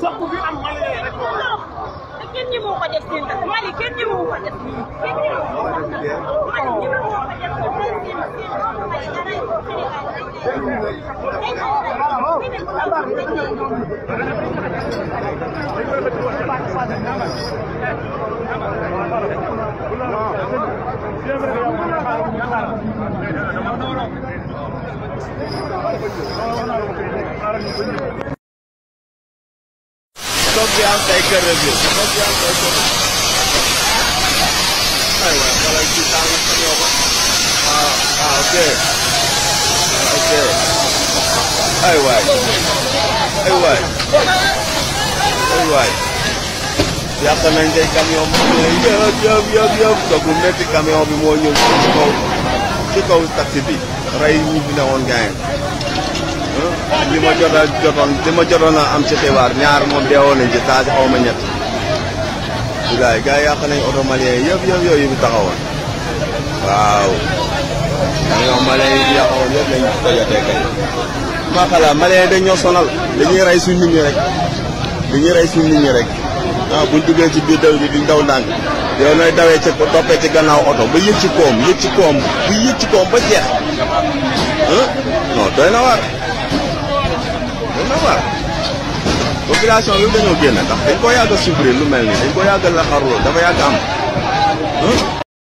soq bi am Mali rek moo koy def. kenn ñi moo ko def seen dëkk Mali kenn ñi moo ko def. kenn ñi moo ko def Mali ñi moo ko def seen seen seen seen seen seen Sofian Taker Review. Sofian Taker. Ayo, kalau kita ngerti apa? Ah, ah oke. Oke. Okay. Ayo, ayo. Ayo, ayo. Ya kami Ya, ya, ya, ya. Dokumenti kami omuwe. Chika usta tibi. Rai nyibina ongaen lima ma jot a jotoon li ma jotoon a am ci xibaar ñaar moom deewoon nañ ci taasi xaw ma ñett bilaay gars yi yàq malien yëpp yëpp yooyu bi taxawoon waaw ñoo malien yi yàqoon yëpp lañ ko jotee kay ma xala malien dañ ñoo sonal dañuy rey suñ nit rek dañuy rey suñ nit rek waaw buñ duggee ci biir di yow ci ci gannaaw ba ci ci ci ba jeex non doy war na waar population yëpp dañoo génn ndax dañ ko yàgg a lu mel nii dañ ko yàgg a laxarloo dafa yàgg am